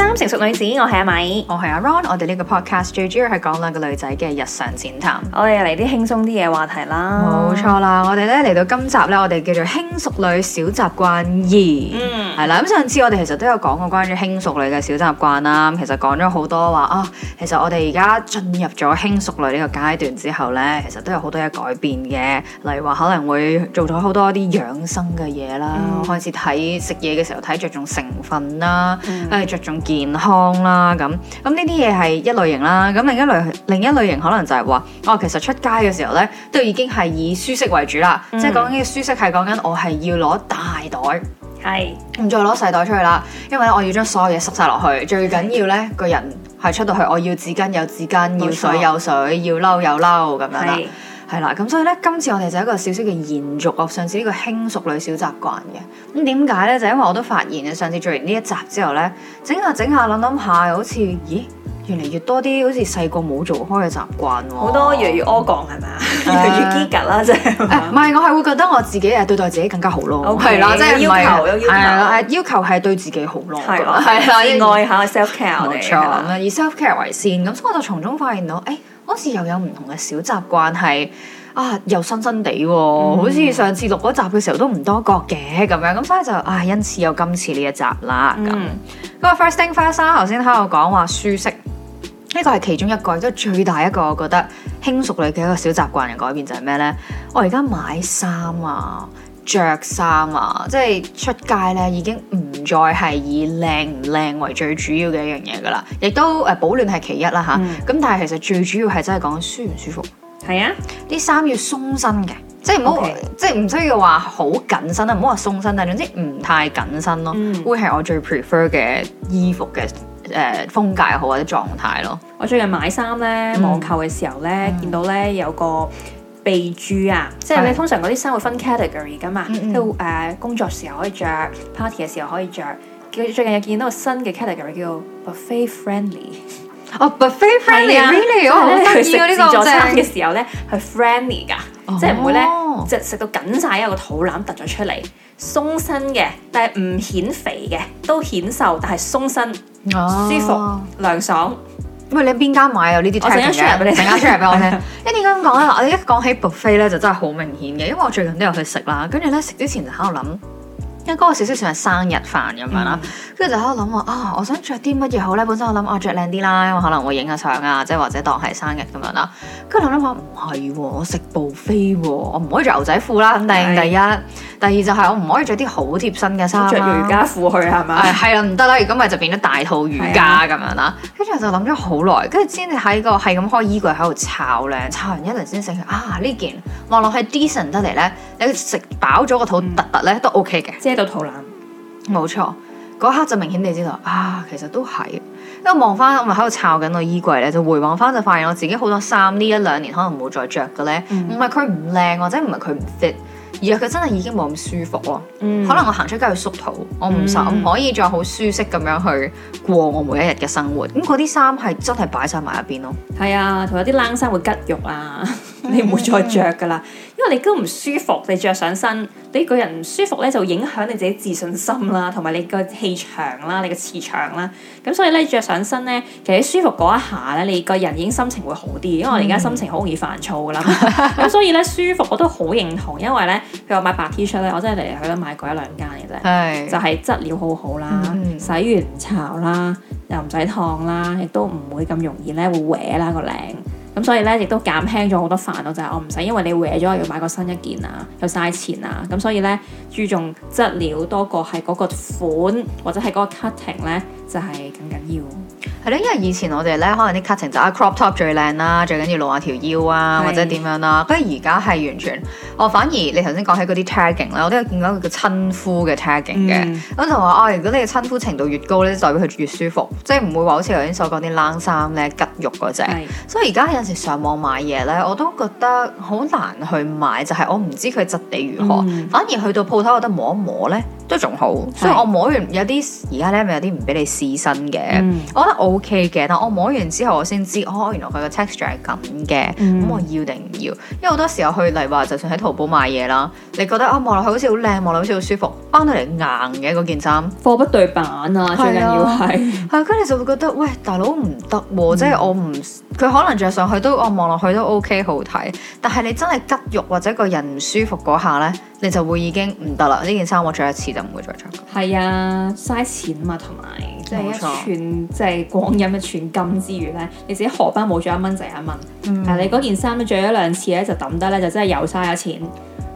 三成淑女子，我係阿米，我係阿 Ron，我哋呢個 podcast 最主要係講兩個女仔嘅日常展談，我哋嚟啲輕鬆啲嘅話題啦，冇錯啦，我哋咧嚟到今集咧，我哋叫做輕熟女小習慣二，係、嗯、啦，咁上次我哋其實都有講過關於輕熟女嘅小習慣啦，其實講咗好多話啊，其實我哋而家進入咗輕熟女呢個階段之後咧，其實都有好多嘢改變嘅，例如話可能會做咗好多啲養生嘅嘢啦，嗯、開始睇食嘢嘅時候睇着重成分啦，跟住着重。健康啦，咁咁呢啲嘢係一類型啦。咁另一類另一類型可能就係話，哦，其實出街嘅時候呢，都已經係以舒適為主啦。嗯、即係講緊舒適係講緊我係要攞大袋，係唔是再攞細袋出去啦。因為我要將所有嘢塞晒落去，最緊要呢，個人係出到去，我要紙巾有紙巾，錯要水有水，要褸有褸咁樣啦。係啦，咁所以咧，今次我哋就一個小小嘅延續我上次呢個輕熟女小習慣嘅。咁點解咧？就是，因為我都發現上次做完呢一集之後呢，整下整下諗諗下，好似咦。越嚟越多啲好似細個冇做開嘅習慣，好多越嚟越屙槓係咪？弱越堅格啦，即係唔係，我係會覺得我自己誒對待自己更加好咯，係啦，即係要求，係啦，要求係對自己好咯，係啦，愛下 self care，冇錯啦，以 self care 為先，咁所以我就從中發現到，誒嗰時又有唔同嘅小習慣，係啊，又新新地喎，好似上次錄嗰集嘅時候都唔多覺嘅咁樣，咁所以就啊，因此有今次呢一集啦，咁咁啊，first thing first，頭先喺度講話舒適。呢個係其中一個，即係最大一個，我覺得輕熟女嘅一個小習慣嘅改變就係咩呢？我而家買衫啊、着衫啊，即係出街呢已經唔再係以靚唔靚為最主要嘅一樣嘢噶啦。亦都誒保暖係其一啦吓，咁、嗯啊、但係其實最主要係真係講舒唔舒服。係啊，啲衫要鬆身嘅，即係唔好，Okay. 即係唔需要話好緊身啊，唔好話鬆身但總之唔太緊身咯，嗯、會係我最 prefer 嘅衣服嘅。誒、呃、風格又好或者狀態咯，我最近買衫咧，嗯、網購嘅時候咧，嗯、見到咧有個備註啊，的即係你通常嗰啲衫會分 category 噶嘛，即誒、嗯嗯呃、工作時候可以着 party 嘅時候可以着。佢最近又見到個新嘅 category 叫 buffet friendly，哦 buffet friendly 啊，friendly 哦，佢食、啊、really? 自助餐嘅時候咧係 friendly 噶，即係唔會咧即係食到緊晒，一個肚腩凸咗出嚟。鬆身嘅，但係唔顯肥嘅，都顯瘦，但係鬆身，oh. 舒服涼爽。喂，你喺邊間買啊？呢啲，我整張出嚟俾你，整張出嚟俾我聽。一解咁講咧，我哋一講起薄 u f 咧，就真係好明顯嘅，因為我最近都有去食啦，跟住咧食之前就喺度諗。嗰個少少算係生日飯咁樣啦，跟住、嗯、就喺度諗話啊，我想着啲乜嘢好咧？本身我諗、啊、我着靚啲啦，因為可能會影下相啊，即係或者當係生日咁樣啦。跟住諗諗話唔係喎，我食布菲喎，我唔可以着牛仔褲啦，肯定的第一。第二就係我唔可以着啲好貼身嘅衫，着瑜伽褲去係咪？係係啦，唔得啦，如果咪就變咗大肚瑜伽咁的樣啦。跟住我就諗咗好耐，跟住先至喺個係咁開衣櫃喺度炒靚，炒完一輪先醒佢啊！呢件望落去 decent 得嚟咧，你食飽咗個肚凸凸咧都 OK 嘅。嗯有肚腩，冇錯、嗯，嗰刻就明顯地知道啊，其實都係，因為望翻我咪喺度抄緊個衣櫃咧，就回望翻就發現我自己好多衫呢一兩年可能冇再着嘅咧，唔係佢唔靚或者唔係佢唔 fit，而係佢真係已經冇咁舒服咯，嗯、可能我行出街去縮肚，我唔受，唔、嗯、可以再好舒適咁樣去過我每一日嘅生活，咁嗰啲衫係真係擺晒埋一邊咯，係、嗯、啊，同有啲冷衫會拮肉啊。你唔會再着噶啦，因為你都唔舒服，你着上身，你個人唔舒服咧，就影響你自己自信心啦，同埋你個氣場啦，你個磁場啦。咁所以咧，着上身咧，其實舒服嗰一下咧，你個人已經心情會好啲，因為我而家心情好容易煩躁噶啦。咁、嗯、 所以咧，舒服我都好認同，因為咧，譬如我買白 t 恤 h 咧，我真係嚟嚟去去都買過一兩間嘅啫，是 就係質料好好啦，嗯、洗完唔潮啦，又唔使燙啦，亦都唔會咁容易咧會歪啦個領。咁所以呢，亦都減輕咗好多煩惱，就係我唔使因為你壞咗，要買個新一件啊，又嘥錢啊。咁所以呢，注重質料多過係嗰個款或者係嗰個 cutting 呢，就係、是、更緊要。係咧，因為以前我哋咧，可能啲 cutting 就係啊、crop top 最靚啦、啊，最緊要露下條腰啊，是或者點樣啦、啊。跟住而家係完全，哦，反而你頭先講起嗰啲 tagging 咧，我都見到佢叫親膚嘅 tagging 嘅、嗯。咁就話啊、哦，如果你嘅親膚程度越高咧，就代表佢越舒服，即係唔會話好似頭先所講啲冷衫咧，吉肉嗰隻。是所以而家有時上網買嘢咧，我都覺得好難去買，就係、是、我唔知佢質地如何，嗯、反而去到鋪頭有得摸一摸咧。都仲好，是所以我摸完有啲而家咧，咪有啲唔俾你試身嘅。嗯、我覺得 O K 嘅，但我摸完之後我先知，哦，原來佢個 texture 係咁嘅，咁、嗯、我要定唔要？因為好多時候去、例如話，就算喺淘寶買嘢啦，你覺得啊，望落去好似好靚，望落好似好舒服，翻到嚟硬嘅嗰件衫，貨不對版啊，最緊要係。係、啊，跟住 就會覺得，喂，大佬唔得喎，即係、嗯、我唔，佢可能着上去都，我望落去都，都 O、OK, K，好睇，但係你真係拮肉或者個人唔舒服嗰下咧。你就會已經唔得啦！呢件衫我着一次就唔會再着。係啊，嘥錢啊嘛，同埋即係一寸即係沒錯、即係、光陰一寸金之餘咧，你自己荷包冇咗一蚊就一蚊，但係、嗯、你嗰件衫你着咗兩次咧就抌得咧，就真係又嘥咗錢。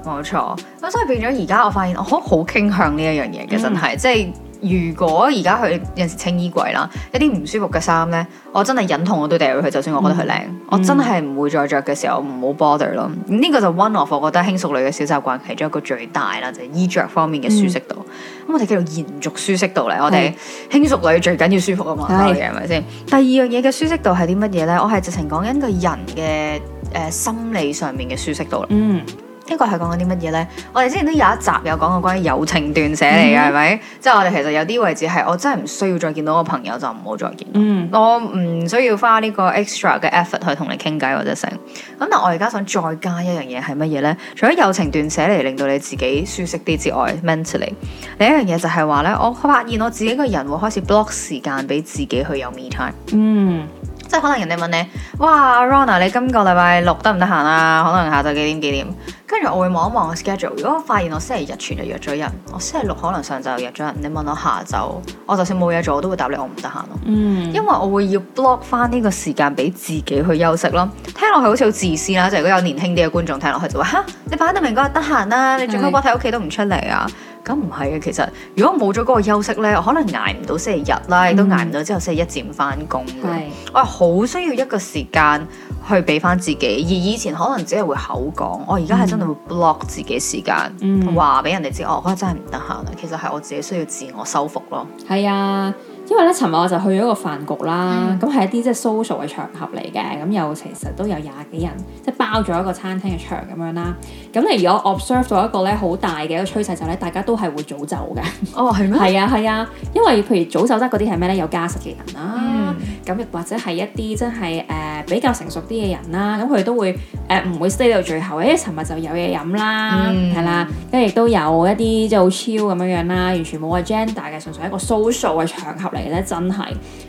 冇錯，咁所以變咗而家我發現我好好傾向呢一樣嘢嘅，真係即係。嗯、即係如果而家佢有陣時清衣櫃啦，一啲唔舒服嘅衫咧，我真係忍痛我都掉咗佢。就算我覺得佢靚，嗯、我真係唔會再着嘅時候，唔好 bother 咯。呢、這個就 one of 我覺得輕熟女嘅小習慣其中一個最大啦，就係、衣着方面嘅舒適度。咁、嗯、我哋叫做「延續舒適度」嚟，是我哋輕熟女最緊要舒服啊嘛，係咪先？第二樣嘢嘅舒適度係啲乜嘢咧？我係直情講緊個人嘅誒、呃、心理上面嘅舒適度嗯。呢個係講緊啲乜嘢呢？我哋之前都有一集有講過關於友情斷捨離嘅，係咪、嗯？即係、就是、我哋其實有啲位置係我真係唔需要再見到個朋友就唔好再見。嗯，我唔需要花呢個 extra 嘅 effort 去同你傾偈或者成。咁但我而家想再加一樣嘢係乜嘢呢？除咗友情斷捨離令到你自己舒適啲之外，mentally 另一樣嘢就係話呢，我發現我自己個人會開始 block 時間俾自己去有 me time。嗯。即係可能人哋問你，哇，阿 Ronn，你今個禮拜六得唔得閒啊？可能下晝幾點幾點？跟住我會望一望 schedule。如果我發現我星期日全日約咗人，我星期六可能上晝約咗人，你問我下晝，我就算冇嘢做我都會答你我唔得閒咯。嗯，因為我會要 block 翻呢個時間俾自己去休息咯。聽落去好似好自私啦，就係如果有年輕啲嘅觀眾聽落去就話嚇，你擺得明嗰日得閒啦，你做乜屈喺屋企都唔出嚟啊？是咁唔係啊，其實如果冇咗嗰個休息咧，我可能捱唔到星期日啦，亦都捱唔到之後星期一漸翻工。是我係好需要一個時間去俾翻自己，而以前可能只係會口講，我而家係真係會 block 自己時間，話俾、嗯、人哋知、嗯哦，我嗰日真係唔得閒。其實係我自己需要自我修復咯。係啊。因為咧，尋日我就去咗個飯局啦，咁係、嗯、一啲即係 social 嘅場合嚟嘅，咁又其實都有廿幾人，即係包咗一個餐廳嘅場咁樣啦。咁你如果 observe 咗一個咧好大嘅一個趨勢就咧，大家都係會早走嘅。哦，係咩？係啊，係啊，因為譬如早走得嗰啲係咩咧？有家室嘅人啦，咁亦、嗯、或者係一啲真係誒、呃、比較成熟啲嘅人啦，咁佢都會誒唔、呃、會 stay 到最後。誒，尋日就有嘢飲啦，係啦、嗯，跟住亦都有一啲即係好超咁樣樣啦，完全冇話 gender 嘅，純粹一個 social 嘅場合。嚟咧真係，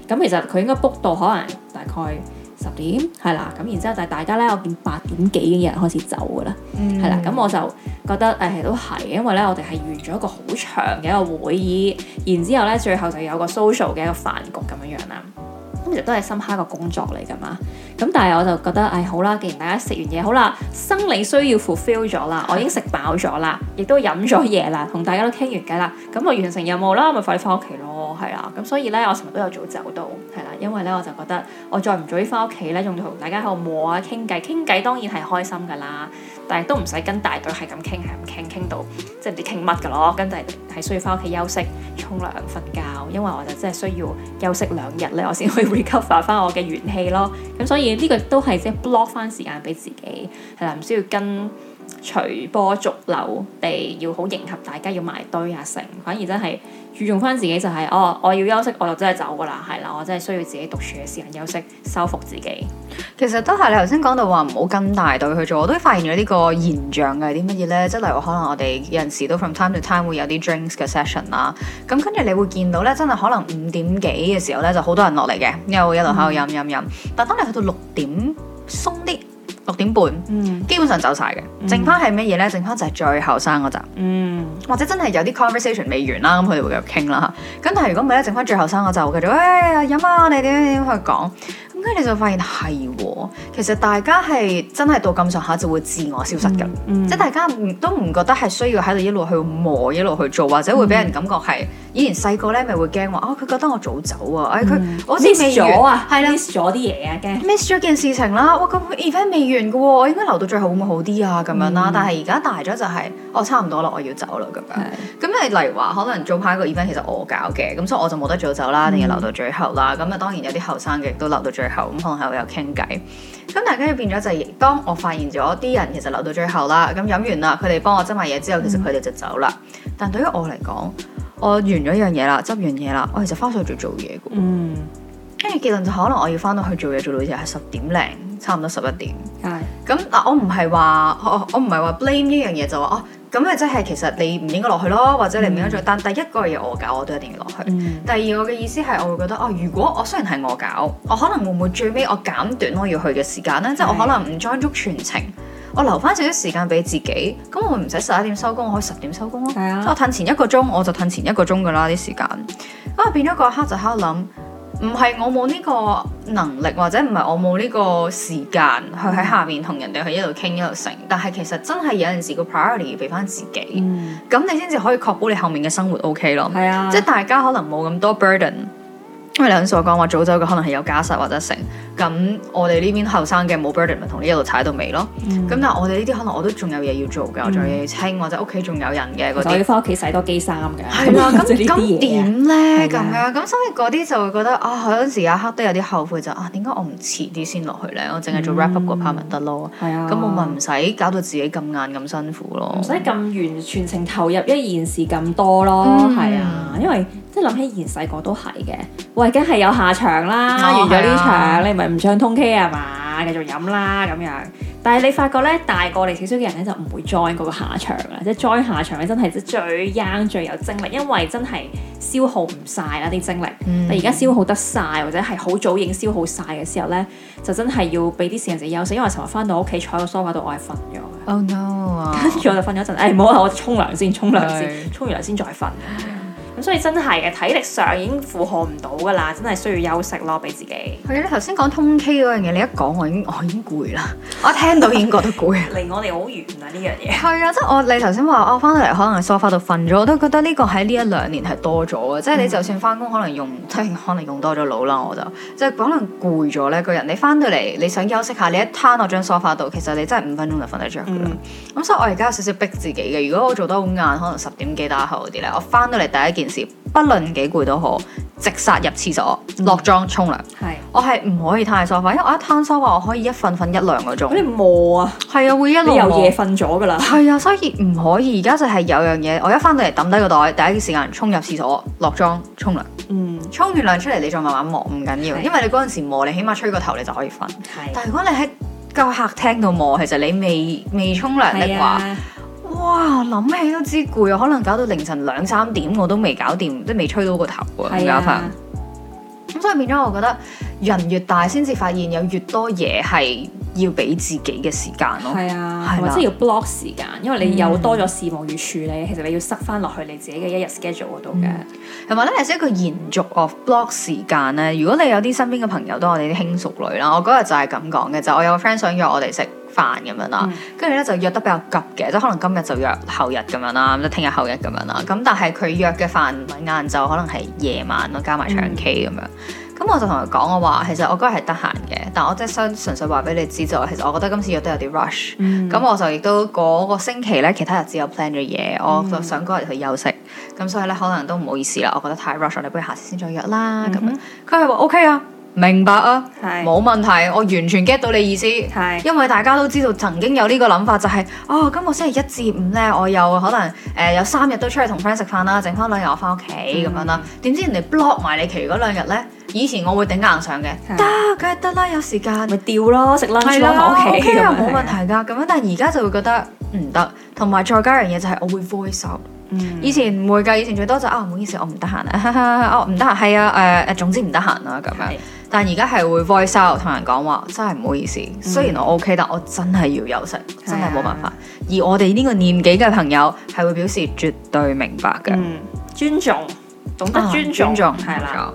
咁其實佢應該 book 到可能大概十點係啦，咁然之後就大家咧，我見八點幾已經有人開始走噶啦，係啦、嗯，咁我就覺得誒都係，因為咧我哋係完咗一個好長嘅一個會議，然之後咧最後就有個 social 嘅一個飯局咁樣樣啦。咁其實都係深刻嘅工作嚟㗎嘛，咁但係我就覺得，唉、哎，好啦，既然大家食完嘢好啦，生理需要 fulfill 咗啦，我已經食飽咗啦，亦都飲咗嘢啦，同大家都傾完偈啦，咁咪完成任務啦，咪快啲翻屋企咯，係啦，咁所以呢，我成日都有早走到，係啦，因為呢，我就覺得，我再唔早啲翻屋企呢，仲同大家喺度磨啊傾偈，傾偈當然係開心㗎啦。但係都唔使跟大隊係咁傾，係咁傾傾到即係唔知傾乜噶咯。跟住係需要翻屋企休息、沖涼、瞓覺，因為我就真係需要休息兩日咧，我先可以 recover 翻我嘅元氣咯。咁所以呢個都係即係 block 翻時間俾自己係啦，唔需要跟。隨波逐流地要好迎合大家要埋堆啊成，反而真係注重返自己就係、是、哦，我要休息我就真係走㗎喇，係啦，我真係需要自己獨處嘅時間休息，收復自己。其實都係你頭先講到話唔好跟大隊去做，我都發現咗呢個現象嘅係啲乜嘢呢？即係例如可能我哋有陣時都 from time to time 會有啲 drinks 嘅 session 啦、啊，咁跟住你會見到呢，真係可能五點幾嘅時候呢，就好多人落嚟嘅，然後會一路喺度飲飲飲，嗯、但係當你去到六點鬆啲，六點半，嗯，基本上走晒嘅，剩翻係咩嘢咧？剩翻就係最後生嗰集，嗯，或者真係有啲 conversation 未完啦，咁佢哋會繼續傾啦，咁但係如果唔係咧，剩翻最後生嗰集，佢哋誒阿啊，你點點點去講？咁跟住你就發現係喎、哦，其實大家係真係到咁上下就會自我消失㗎，嗯嗯、即係大家都唔覺得係需要喺度一路去磨，一路去做，或者會俾人感覺係。嗯嗯以前細個咧咪會驚話哦，佢覺得我早走啊，誒佢我 miss 咗啊、嗯，係啦 miss 咗啲嘢啊，驚 miss 咗件事情啦。哇，個 event 未完嘅喎，我應該留到最後會唔會好啲啊？咁樣啦。嗯、但係而家大咗就係、是、哦，差唔多啦，我要走啦咁樣。咁、嗯、你例如話可能早排個 event 其實我搞嘅，咁所以我就冇得早走啦，定要、嗯、留到最後啦。咁啊，當然有啲後生嘅亦都留到最後咁，可能係會有傾偈。咁跟住變咗就係、是、當我發現咗啲人其實留到最後啦，咁飲完啦，佢哋幫我執埋嘢之後，其實佢哋就走啦。嗯、但對於我嚟講，我完咗一樣嘢啦，執完嘢啦，我其實返上去做嘢噶，跟住結論就可能我要翻到去做嘢，做到好似係十點零，差唔多十一點。係咁嗱，我唔係話我唔係話 blame 呢樣嘢就話哦，咁咪即係其實你唔應該落去咯，或者你唔應該做。嗯、但第一個嘢我搞，我都一定要落去。嗯、第二我嘅意思係我會覺得哦，如果我雖然係我搞，我可能會唔會最尾我減短我要去嘅時間咧？是的 即係我可能唔 join 足全程。我留翻少少時間俾自己，咁我唔使十一點收工，我可以十點收工咯。啊、所以我褪前一個鐘，我就褪前一個鐘噶啦啲時間。咁啊變咗個刻就刻諗，唔係我冇呢個能力，或者唔係我冇呢個時間去喺下面同人哋去一路傾一路成。但係其實真係有陣時個 priority 俾翻自己，咁、嗯、你先至可以確保你後面嘅生活 OK 咯。係啊，即係大家可能冇咁多 burden。因為你啱先我講話早走嘅可能係有家室或者成，咁我哋呢邊後生嘅冇 burden 咪同呢一路踩到尾咯。咁但係我哋呢啲可能我都仲有嘢要做，我仲有嘢要清或者屋企仲有人嘅嗰啲，我要翻屋企洗多機衫嘅。係啦，咁咁點咧咁樣？咁所以嗰啲就會覺得啊，有時一刻都有啲後悔就啊，點解我唔遲啲先落去咧？我淨係做 wrap up 嗰 part 咪得咯。係啊，咁我咪唔使搞到自己咁晏咁辛苦咯，唔使咁完全程投入一件事咁多咯。係啊，因為。即係諗起以前細個都係嘅，喂，梗係有下場啦。哦、完咗呢場，啊、你咪唔唱通 K 啊嘛，繼續飲啦咁樣。但係你發覺咧，大個嚟少少嘅人咧就唔會 join 嗰個下場啊，即、就、係、是、join 下場咧真係最 young、最有精力，因為真係消耗唔晒啦啲精力。嗯、但而家消耗得晒，或者係好早已經消耗晒嘅時候咧，就真係要俾啲時間自己休息。因為我尋日翻到屋企坐喺個 sofa 度，我係瞓咗。o、oh, no！Oh. 跟住我就瞓咗一陣，誒、欸，唔好啊，我沖涼先，沖涼先，沖完涼先再瞓。 咁所以真係嘅體力上已經負荷唔到㗎啦，真係需要休息咯，俾自己。係你頭先講通 K 嗰樣嘢，你一講我已經我已經攰啦，我聽到已經覺得攰。離 我哋好遠啊呢樣嘢。係啊，即係我你頭先話我翻到嚟可能喺 sofa 度瞓咗，我都覺得呢個喺呢一兩年係多咗嘅，即係你就算翻工可能用，即係、嗯、可能用多咗腦啦，我就即係可能攰咗咧個人。你翻到嚟你想休息下，你一攤落張 sofa 度，其實你真係五分鐘就瞓得着。咁、嗯、所以我而家有少少逼自己嘅，如果我做得好晏，可能十點幾打後嗰啲咧，我翻到嚟第一件，不論幾攰都好，直殺入廁所落妝沖涼。係、嗯、我係唔可以攤喺梳化，因為我一攤梳化我可以一瞓瞓一兩個鐘。你磨啊？係啊，會一路。有又夜瞓咗噶啦？係啊，所以唔可以。而家就係有樣嘢，我一翻到嚟抌低個袋，第一時間沖入廁所落妝沖涼。嗯，沖完涼出嚟你再慢慢磨，唔緊要，是因為你嗰陣時磨你起碼吹個頭你就可以瞓。是但係如果你喺個客廳度磨，其實你未未沖涼的話。是是哇，諗起都知攰啊！可能搞到凌晨兩三點，我都未搞掂，都未吹到個頭是啊！咁所以變咗，我覺得人越大，先至發現有越多嘢係要俾自己嘅時間咯。係啊，或者啦要 block 時間，因為你有多咗事務要處理，嗯、其實你要塞翻落去你自己嘅一日 schedule 度嘅、嗯。同埋咧，嚟講一個延續 of block 時間咧，如果你有啲身邊嘅朋友，都我哋啲輕熟女啦，我嗰日就係咁講嘅，就我、我有個 friend 想約我哋食飯咁樣啦，跟住咧就約得比較急嘅，即可能今日就約後日咁樣啦，咁即係聽日後日咁樣啦。咁但係佢約嘅飯晏晝，可能係夜晚咯，加埋唱 K 咁樣。咁、嗯、我就同佢講我話，其實我嗰日係得閒嘅，但係我即係純粹話俾你知就係，其實我覺得今次約得有啲 rush、嗯。咁我就亦都嗰個星期咧，其他日子有 plan 咗嘢，我就想嗰日去休息。咁、嗯、所以咧，可能都唔好意思啦，我覺得太 rush，我哋不如下次先再約啦。咁、嗯、樣，佢係話 OK 啊。明白啊，冇問題，我完全 get 到你意思。係，因為大家都知道曾經有呢個諗法，就係哦，今個星期一至五呢，我又可能誒有三日都出去同 friend 食飯啦，剩翻兩日我翻屋企咁樣啦。點知人哋 block 埋你，期餘嗰兩日呢？以前我會頂硬上嘅，得梗係得啦，有時間咪掉咯，食撚咗翻屋企。係啦，冇問題㗎。咁樣但係而家就會覺得唔得，同埋再加樣嘢就係我會 voice，以前唔會㗎，以前最多就啊，唔好意思，我唔得閒啊，唔得，係啊，誒誒，總之唔得閒啦咁樣。但而家係會 voice out 同人講話，真係唔好意思。嗯、雖然我 OK，但我真係要休息，嗯、真係冇辦法。而我哋呢個年紀嘅朋友係會表示絕對明白嘅、嗯，尊重，懂得尊重，係啦、啊。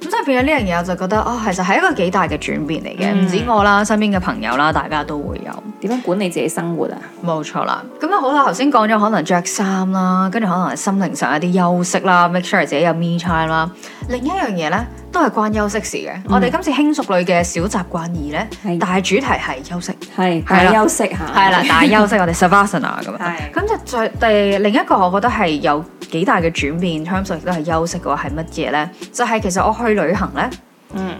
咁即係變咗呢樣嘢，我就覺得哦，其實係一個幾大嘅轉變嚟嘅。唔、嗯、止我啦，身邊嘅朋友啦，大家都會有點樣管理自己生活啊。冇錯、嗯、啦。咁啊好啦，頭先講咗可能着衫啦，跟住可能心靈上一啲休息啦，make sure 自己有 me time 啦。另一樣嘢呢。都係關休息事嘅。嗯、我哋今次輕熟女嘅小習慣二呢，但係是主題係休息，係係休息吓，係啦，但係啦 休息。我哋 Sabrina 咁樣，咁是就再第另一個，我覺得係有幾大嘅轉變。輕熟亦都係休息嘅話，係乜嘢呢？就係、是、其實我去旅行呢，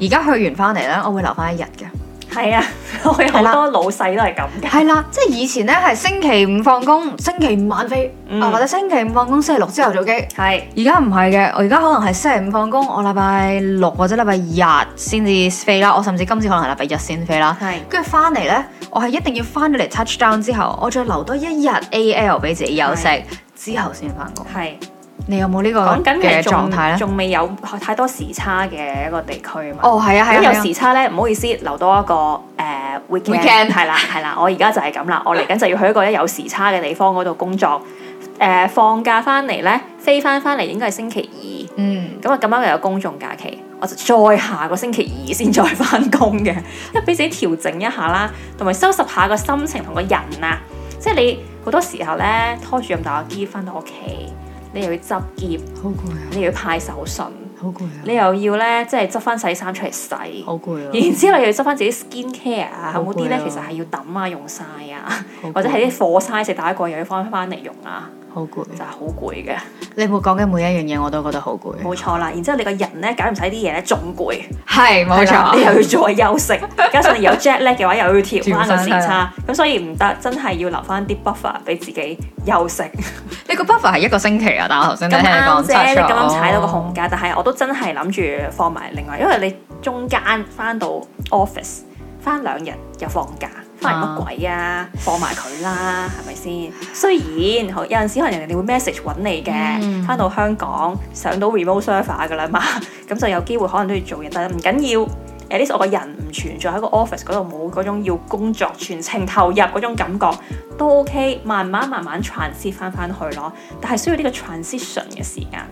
而家、嗯、去完翻嚟呢，我會留翻一日嘅。係啊，我好多老細都係咁嘅。係啦，即係以前咧係星期五放工，星期五晚飛，或者星期五放工，星期六之後早機。係，而家唔係嘅，我而家可能係星期五放工，我禮拜六或者禮拜日先至飛啦。我甚至今次可能係禮拜日先飛啦。係的，跟住翻嚟咧，我係一定要翻到嚟 touch down 之後，我再多留多一日 al 俾自己休息，的之後先翻工。係。你有冇呢個嘅狀態咧？仲未有太多時差嘅一個地區嘛？哦，係啊，係啊。咁有時差咧，唔好意思，留多一個誒 weekend 係啦，係啦。我而家就係咁啦，我嚟緊就要去一個有時差嘅地方嗰度工作。誒 Yeah.、呃、放假翻嚟咧，飛翻翻嚟應該係星期二，嗯，咁啊，咁啱又有公眾假期，我就再下個星期二先再翻工嘅，因為俾自己調整一下啦，同埋收拾下個心情同個人啊。即係你好多時候咧拖住咁大個機翻到屋企。你又要執喼，好攰啊！你又要派手信，好攰啊！你又要咧，即係執翻洗衫出嚟洗，好攰啊！然之後又要執翻自己 skin care 啊，有冇啲咧其實係要抌啊，用晒啊，啊 或者係啲火曬食、啊、打一個，又要翻翻嚟用啊！好攰，就係好攰嘅。你每講嘅每一樣嘢，我都覺得好攰。冇錯啦，然之後你個人呢，搞唔使啲嘢呢，仲攰。係冇錯，你又要再休息， 加上有 jet lag 嘅話，又要調翻個時差，咁所以唔得，真係要留翻啲 buffer 俾自己休息。 你個 buffer 係一個星期啊，但係我頭先都聽你講咁啱姐，已錯你啱啱踩到個空格，但係我都真係諗住放埋另外，因為你中間翻到 office 翻兩日又放假。翻嚟乜鬼啊？放埋佢啦，係咪先？雖然好有陣時可能人哋會 message 揾你嘅，翻到香港上到 remote server 㗎喇嘛，咁 就有機會可能都要做嘢，但係唔緊要。 At least 我個人唔存在喺個 office 嗰度，冇嗰種要工作全程投入嗰種感覺都 OK。慢慢慢慢 transition 翻翻去咯，但係需要呢個 transition 嘅時間。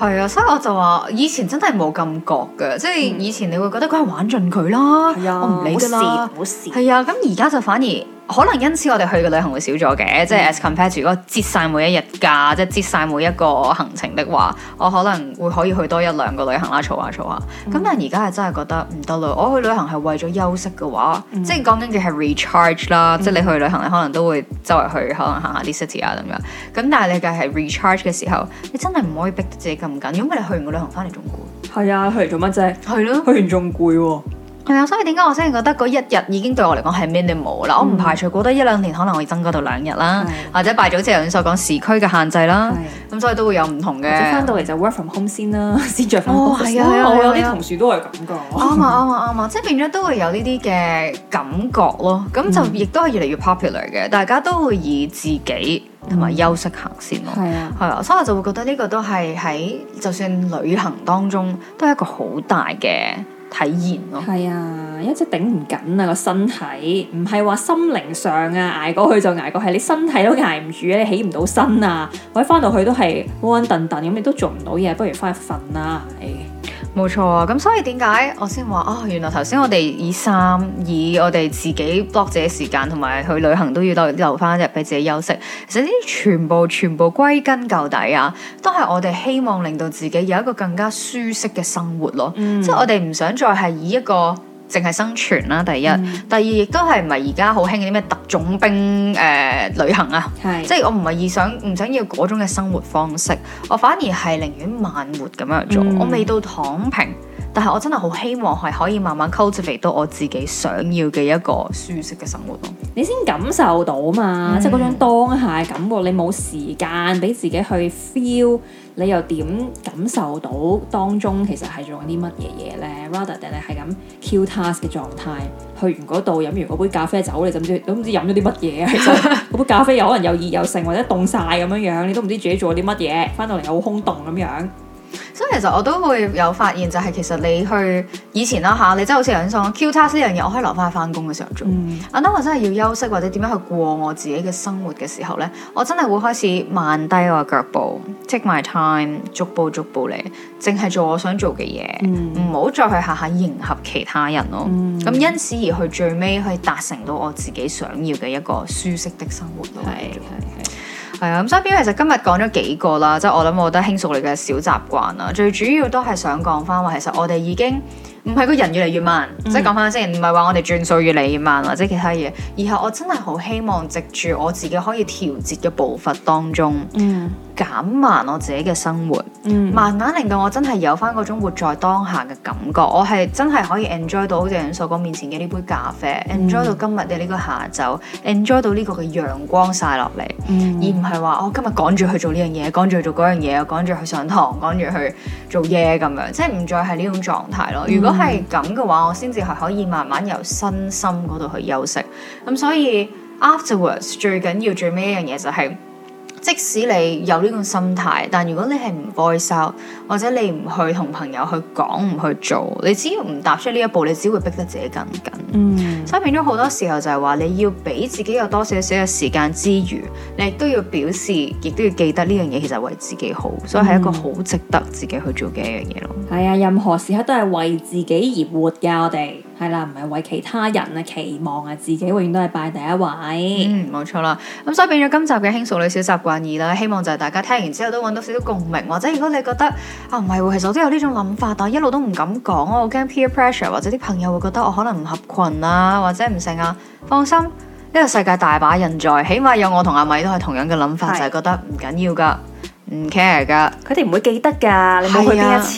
係啊，所以我就話以前真係冇咁覺嘅，即係以前你會覺得佢係玩盡佢啦，係啊，我唔理㗎啦，冇事。係啊，咁而家就反而。可能因此我哋去嘅旅行會少咗嘅、嗯，即係 as compared 如果節晒每一日假，即係節晒每一個行程的話，我可能會可以去多一兩個旅行啦，坐下坐下。咁、嗯、但係而家係真係覺得唔得咯。我去旅行係為咗休息嘅話，嗯、即係講緊嘅係 recharge 啦。嗯、即係你去旅行，你可能都會周圍去可能行下啲 city 啊咁樣。咁但係你計係 recharge 嘅時候，你真係唔可以逼得自己咁緊，因為你去完個旅行翻嚟仲攰。係啊，去嚟做乜啫？係咯、啊，去完仲攰、哦。係啊，所以點解我真係覺得嗰一日已經對我嚟講係 minimal 啦。我唔排除過多一兩年可能會增加到兩日啦，或者拜早謝，如你所講，時區嘅限制啦，咁所以都會有唔同嘅。翻到嚟就 work from home 先啦，先着翻。哦，係啊，係啊，我有啲同事都係咁噶。啱啊，啱啊，啱啊，即係變咗都會有呢啲嘅感覺咯。咁就亦都係越嚟越 popular 嘅，大家都會以自己同埋休息行先咯。係啊，係啊，所以我就會覺得呢個都係喺就算旅行當中都係一個好大嘅。體現咯、啊，係啊，一直頂唔緊啊，個身體，唔係話心靈上啊，捱過去就捱過去，你身體都捱唔住啊，你起唔到身啊，我一翻到去都係渾渾沌沌咁，你都做唔到嘢，不如翻去瞓啦。哎冇錯啊，咁所以點解我先話啊？原來頭先我哋以三以我哋自己 block 自己時間、同埋去旅行都要留留翻一日俾自己休息，其實呢啲全部全部歸根究底啊，都係我哋希望令到自己有一個更加舒適嘅生活咯。即係、嗯、我哋唔想再係以一個。淨係生存啦，第一，嗯、第二亦都係唔係而家好興啲咩特種兵誒、呃、旅行啊？係是，即係我唔係意想唔想要嗰種嘅生活方式，我反而係寧願慢活咁樣做。嗯、我未到躺平，但係我真係好希望係可以慢慢 cultivate 到我自己想要嘅一個舒適嘅生活咯。你先感受到嘛，即係嗰種當下感覺，你冇時間俾自己去 feel。你又點感受到當中其實係做緊啲乜嘢嘢咧？rather than 定係係咁 Q task 嘅狀態，去完嗰度飲完嗰杯咖啡酒，你就都唔知都唔知飲咗啲乜嘢啊！其實嗰杯咖啡又可能又熱又剩，或者凍晒咁樣樣，你都唔知自己做咗啲乜嘢，翻到嚟又好空洞咁樣。其實我都會有發現，就係、是、其實你去以前啦吓，你真係好似有啲想 Q 叉呢樣嘢，我可以留翻去翻工嘅時候做。阿當、嗯、我真係要休息或者點樣去過我自己嘅生活嘅時候呢,我真係會開始慢低我腳步，take my time，逐步逐步嚟，淨係做我想做嘅嘢，唔好、嗯、再去下下迎合其他人咯。咁、嗯、因此而去最尾去達成到我自己想要嘅一個舒適的生活都好。嗯係啊，咁所以其實今日講咗幾個啦，即係我諗，我覺得輕熟女嘅小習慣啦，最主要都係想講翻話，其實我哋已經。唔係個人越嚟越慢，嗯、即係講翻先，唔係話我哋轉數越嚟越慢或者其他嘢，而係我真係好希望藉住我自己可以調節嘅步伐當中，嗯、減慢我自己嘅生活，嗯、慢慢令到我真係有翻嗰種活在當下嘅感覺。我係真係可以 enjoy 到好似人所講面前嘅呢杯咖啡，enjoy、嗯、到今日嘅呢個下晝，enjoy、嗯、到呢個嘅陽光曬落嚟，嗯、而唔係話我今日趕住去做呢樣嘢，趕住去做嗰樣嘢，趕住去上堂，趕住去做嘢咁樣，即係唔再係呢種狀態咯。 如果如果係咁嘅話，我先至係可以慢慢由身心嗰度去休息。咁所以，afterwards 最緊要最尾一樣嘢就係、是。即使你有呢個心態，但如果你係唔開心，或者你唔去同朋友去講，唔去做，你只要唔踏出呢一步，你只會逼得自己更緊。所以變咗好多時候就係話，你要俾自己有多少少嘅時間之餘，你都要表示，亦都要記得呢樣嘢其實為自己好，所以係一個好值得自己去做嘅一樣嘢咯。係、嗯、啊，任何時刻都係為自己而活㗎，我哋。係啦，唔係為其他人啊期望啊，自己永遠都係拜第一位。嗯，冇錯啦。咁所以變咗今集嘅輕熟女小習慣二啦，希望就係大家聽完之後都揾到少少共鳴，或者如果你覺得啊唔係喎，其實我都有呢種諗法，但係一路都唔敢講，我驚 peer pressure，或者啲朋友會覺得我可能唔合群啊，或者唔成啊。放心，呢、這個世界大把人在，起碼有我同阿米都係同樣嘅諗法，是就係覺得唔緊要噶。唔 care 噶，佢哋唔會記得噶，你冇去邊一次，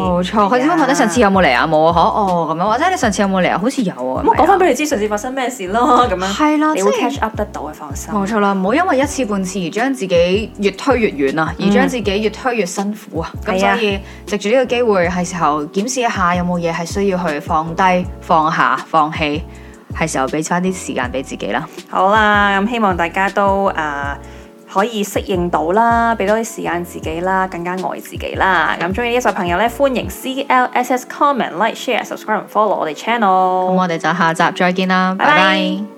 冇錯。佢始終問你上次有冇嚟啊，冇啊，哦咁樣。或者你上次有冇嚟啊，好似有啊。咁講翻俾你知上次發生咩事咯，咁樣。係啦，你會 catch up 得到嘅，放心。冇錯啦，唔好因為一次半次而將自己越推越遠啊，而將自己越推越辛苦啊。咁所以藉住呢個機會，係時候檢視一下有冇嘢係需要去放低、放下、放棄，係時候俾翻啲時間俾自己啦。好啦，咁希望大家都啊。可以適應到啦，俾多啲時間自己啦，更加愛自己啦。咁鍾意呢一集朋友咧，歡迎 CLSS comment、like、share、subscribeand follow 我哋 channel。咁我哋就下集再見啦，拜拜。